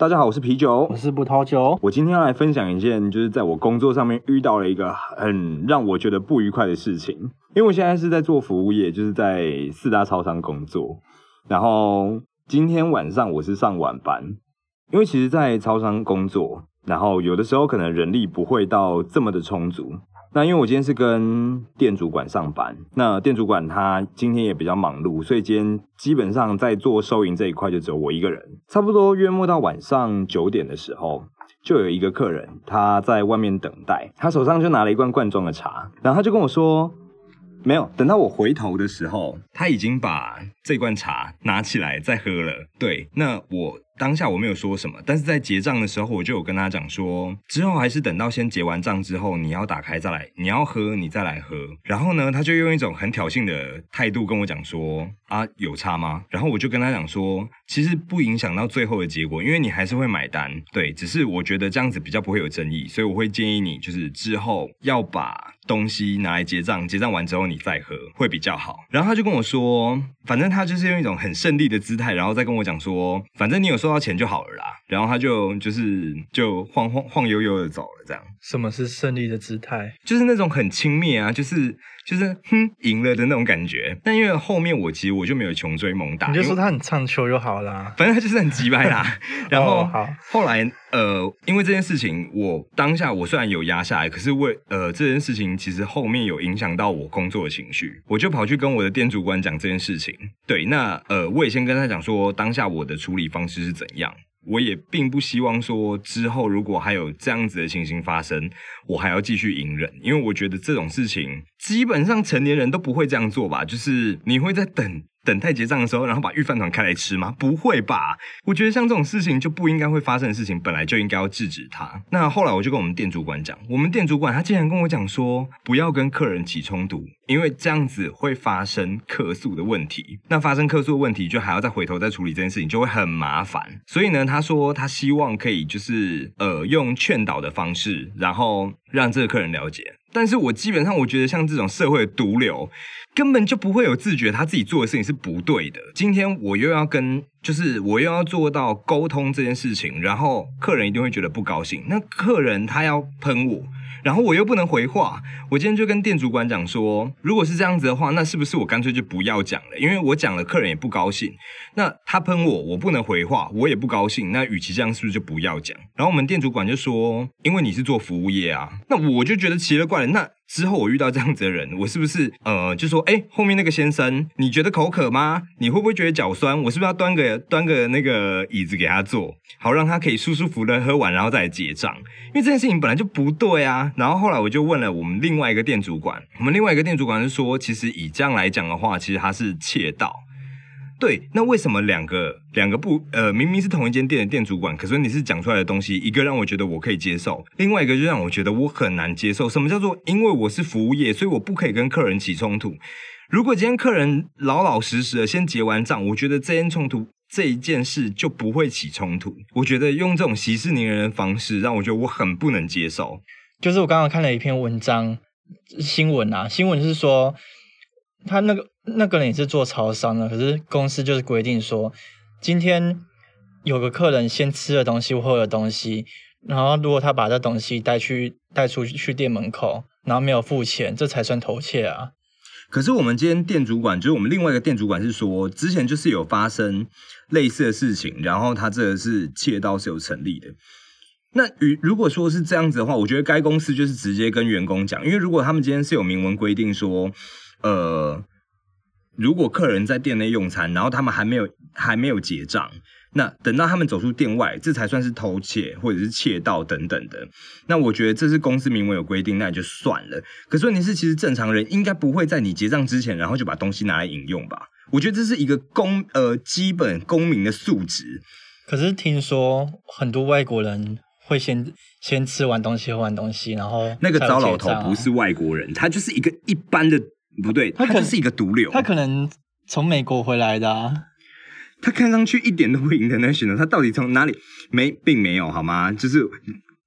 大家好，我是啤酒，我是葡萄酒。我今天要來分享一件，就是在我工作上面遇到了一個很讓我覺得不愉快的事情。因為我現在是在做服務業，就是在四大超商工作。然後今天晚上我是上晚班，因為其實，在超商工作，然後有的時候可能人力不會到這麼的充足。那因為我今天是跟店主管上班，那店主管他今天也比較忙碌，所以今天基本上在做收銀這一塊就只有我一個人。差不多約莫到晚上九點的時候，就有一個客人他在外面等待，他手上就拿了一罐罐裝的茶，然後他就跟我說，沒有，等到我回頭的時候，他已經把這罐茶拿起來在喝了。對，那我。當下我沒有說什麼，但是在結賬的時候我就有跟他講說，之後還是等到先結完賬之後，你要打開再來，你要喝你再來喝。然後呢，他就用一種很挑釁的態度跟我講說，啊有差嗎？然後我就跟他講說，其實不影響到最後的結果，因為你還是會買單，對，只是我覺得這樣子比較不會有爭議，所以我會建議你就是之後要把東西拿來結賬，結賬完之後你再喝會比較好。然後他就跟我說，反正他就是用一種很勝利的姿態，然後再跟我講說，反正你有時候。多少錢就好了啦，然後他就就是就晃晃晃悠悠的走了，這樣。什麼是勝利的姿態？就是那種很輕蔑啊，就是。就是哼，贏了的那種感覺，但因為後面我其實我就沒有窮追猛打，你就說他很唱秋就好了，反正他就是很擊敗他。 然後、哦、好後來呃，因為這件事情我，我當下我雖然有壓下來，可是我呃這件事情，其實後面有影響到我工作的情緒，我就跑去跟我的店主管講這件事情。對，那呃，我也先跟他講說，當下我的處理方式是怎樣。我也並不希望說，之後如果還有這樣子的情形發生，我還要繼續隱忍，因為我覺得這種事情基本上成年人都不會這樣做吧，就是你會在等。等待結賬的時候，然後把御飯團開來吃嗎？不會吧！我覺得像這種事情就不應該會發生的事情，本來就應該要制止他。那後來我就跟我們店主管講，我們店主管他竟然跟我講說，不要跟客人起衝突，因為這樣子會發生客訴的問題。那發生客訴問題，就還要再回頭再處理這件事情，就會很麻煩。所以呢，他說他希望可以就是呃用勸導的方式，然後讓這個客人了解。但是我基本上，我覺得像這種社會的毒瘤，根本就不會有自覺，他自己做的事情是不對的。今天我又要跟，就是我又要做到溝通這件事情，然後客人一定會覺得不高興。那客人他要噴我，然後我又不能回話。我今天就跟店主管講說，如果是這樣子的話，那是不是我乾脆就不要講了？因為我講了，客人也不高興。那他噴我，我不能回話，我也不高興。那與其這樣，是不是就不要講？然後我們店主管就說，因為你是做服務業啊，那我就覺得奇了怪。那之後我遇到這樣子的人，我是不是呃就說，哎、欸，後面那個先生，你覺得口渴嗎？你會不會覺得腳酸？我是不是要端個端個那個椅子給他坐，好讓他可以舒舒服服的喝完，然後再來結賬？因為這件事情本來就不對啊。然後後來我就問了我們另外一個店主管，我們另外一個店主管就說，其實以這樣來講的話，其實他是竊盜。對，那為什麼兩個兩個不呃，明明是同一間店的店主管，可是你是講出來的東西，一個讓我覺得我可以接受，另外一個就讓我覺得我很難接受。什麼叫做因為我是服務業，所以我不可以跟客人起衝突？如果今天客人老老實實的先結完賬，我覺得這件衝突這一件事就不會起衝突。我覺得用這種息事寧人的方式，讓我覺得我很不能接受。就是我剛剛看了一篇文章，新聞啊，新聞是說。他那個那個人也是做超商的，可是公司就是規定說，今天有個客人先吃了東西或喝了東西，然後如果他把這東西帶去帶出去，去店門口，然後沒有付錢，這才算偷竊啊。可是我們今天店主管，就是我們另外一個店主管是說，之前就是有發生類似的事情，然後他這個是竊盜是有成立的。那與如果說是這樣子的話，我覺得該公司就是直接跟員工講，因為如果他們今天是有明文規定說。呃，如果客人在店內用餐，然後他們還沒有還沒有結賬，那等到他們走出店外，這才算是偷竊或者是竊盜等等的。那我覺得這是公司明文有規定，那也就算了。可是問題是，其實正常人應該不會在你結賬之前，然後就把東西拿來飲用吧？我覺得這是一個公呃基本公民的素質。可是聽說很多外國人會先先吃完東西喝完東西，然後、啊、那個糟老頭不是外國人，他就是一個一般的。不對，他可能他是一個毒瘤。他可能從美國回來的啊，他看上去一點都不 international。他到底從哪裡？沒，並沒有，好嗎？就是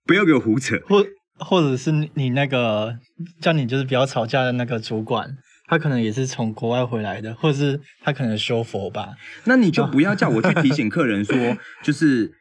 不要給我胡扯。或或者是你那個叫你就是不要吵架的那個主管，他可能也是從國外回來的，或者是他可能修佛吧。那你就不要叫我去提醒客人說， 就是。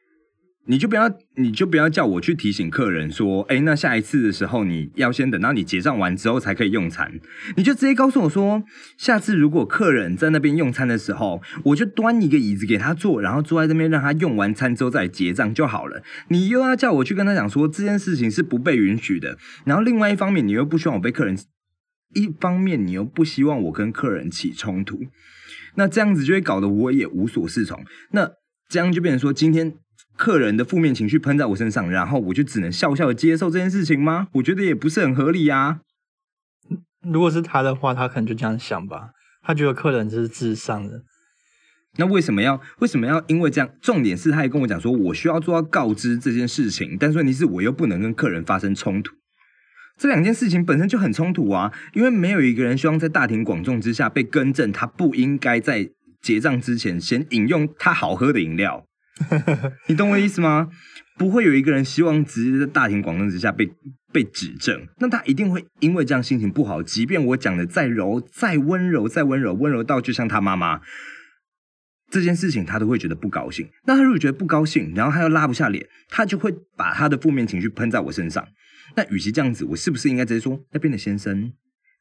你就不要，你就不要叫我去提醒客人說，哎、欸，那下一次的時候，你要先等到你結賬完之後才可以用餐。你就直接告訴我說，下次如果客人在那邊用餐的時候，我就端一個椅子給他坐，然後坐在那邊讓他用完餐之後再結賬就好了。你又要叫我去跟他講說這件事情是不被允許的，然後另外一方面，你又不希望我被客人，一方面你又不希望我跟客人起衝突，那這樣子就會搞得我也無所適從。那這樣就變成說今天。客人的負面情緒噴在我身上，然後我就只能笑笑的接受這件事情嗎？我覺得也不是很合理啊。如果是他的話，他可能就這樣想吧。他覺得客人是至上的。那為什麼要為什麼要因為這樣？重點是，他也跟我講說，我需要做到告知這件事情，但問題是，我又不能跟客人發生衝突。這兩件事情本身就很衝突啊，因為沒有一個人希望在大庭廣眾之下被更正，他不應該在結賬之前先飲用他好喝的飲料。 你懂我的意思嗎？不會有一個人希望直接在大庭廣眾之下被被指正，那他一定會因為這樣心情不好。即便我講的再柔、再溫柔、再溫柔，溫柔到就像他媽媽，這件事情他都會覺得不高興。那他如果覺得不高興，然後他又拉不下臉，他就會把他的負面情緒噴在我身上。那與其這樣子，我是不是應該直接說：“那邊的先生，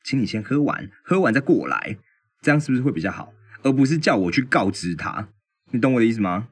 請你先喝完，喝完再過來，這樣是不是會比較好？而不是叫我去告知他？”你懂我的意思嗎？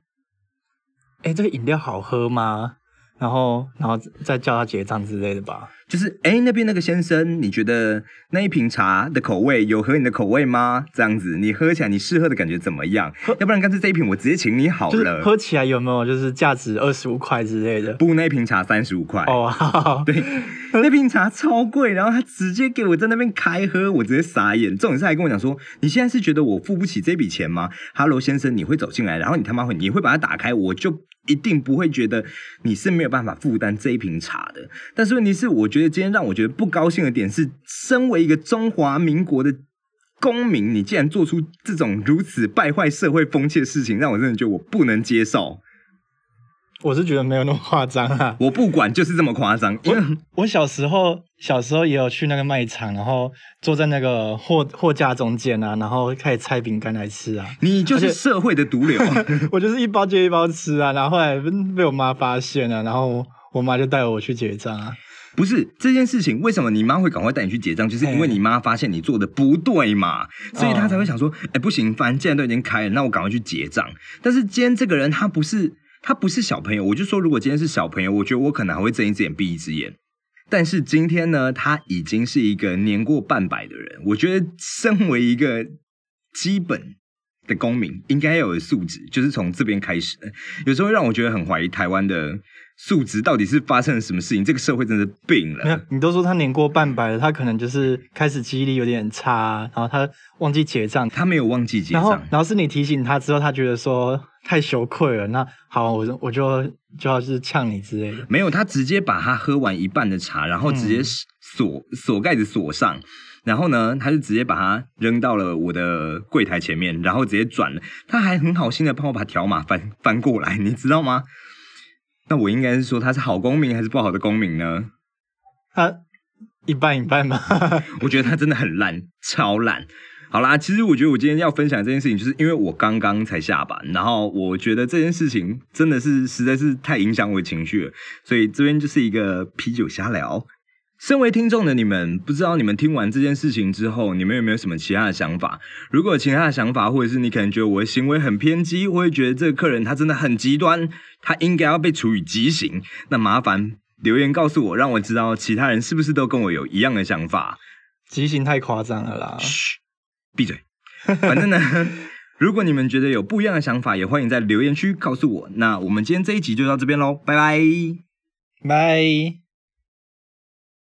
哎、欸，這個飲料好喝嗎？然後，然後再叫他結賬之類的吧。就是，哎、欸，那邊那個先生，你覺得那一瓶茶的口味有合你的口味嗎？這樣子，你喝起來你試喝的感覺怎麼樣？要不然乾脆這一瓶我直接請你好了。就是、喝起來有沒有就是價值二十五塊之類的？不，那一瓶茶三十五塊。哦，好好對。那瓶茶超貴，然後他直接給我在那邊開喝，我直接傻眼。重點是還跟我講說，你現在是覺得我付不起這筆錢嗎？哈嘍先生，你會走進來，然後你他媽會，你會把它打開，我就一定不會覺得你是沒有辦法負擔這一瓶茶的。但是問題是，我覺得今天讓我覺得不高興的點是，身為一個中華民國的公民，你竟然做出這種如此敗壞社會風氣的事情，讓我真的覺得我不能接受。我是覺得沒有那麼誇張啊！我不管，就是這麼誇張。 我我小時候小時候也有去那個賣場，然後坐在那個貨貨架中間啊，然後開始拆餅乾來吃啊。你就是社會的毒瘤， 我就是一包接一包吃啊，然後後來被我媽發現了，然後我媽就帶我去結賬啊。不是這件事情，為什麼你媽會趕快帶你去結賬？就是因為你媽發現你做的不對嘛。嗯，所以她才會想說：“哎，欸，不行，反正既然都已經開了，那我趕快去結賬。”但是今天這個人他不是。他不是小朋友，我就說如果今天是小朋友，我覺得我可能還會睜一隻眼閉一隻眼。但是今天呢，他已經是一個年過半百的人，我覺得身為一個基本的公民應該要有素質，就是從這邊開始，有時候讓我覺得很懷疑台灣的。素質到底是發生了什麼事情？這個社會真的是病了。沒有，你都說他年過半百了，他可能就是開始記憶力有點差，然後他忘記結賬。他沒有忘記結賬。然後，然後是你提醒他之後，他覺得說太羞愧了。那好，我我就就要就是嗆你之類的。沒有，他直接把他喝完一半的茶，然後直接鎖、嗯、鎖蓋子鎖上，然後呢，他就直接把它扔到了我的櫃檯前面，然後直接轉了。他還很好心的幫我把條碼翻翻過來，你知道嗎？ 那我應該是說他是好公民還是不好的公民呢？他、啊、一半一半吧。 我覺得他真的很爛，超爛。好啦，其實我覺得我今天要分享這件事情，就是因為我剛剛才下班，然後我覺得這件事情真的是實在是太影響我情緒了，所以這邊就是一個啤酒瞎聊。身為聽眾的你們，不知道你們聽完這件事情之後，你們有沒有什麼其他的想法？如果有其他的想法，或者是你可能覺得我的行為很偏激，我會覺得這個客人他真的很極端，他應該要被處以極刑，那麻煩留言告訴我，讓我知道其他人是不是都跟我有一樣的想法。極刑太誇張了啦！噓，閉嘴。反正呢， 如果你們覺得有不一樣的想法，也歡迎在留言區告訴我。那我們今天這一集就到這邊嘍，拜拜，拜。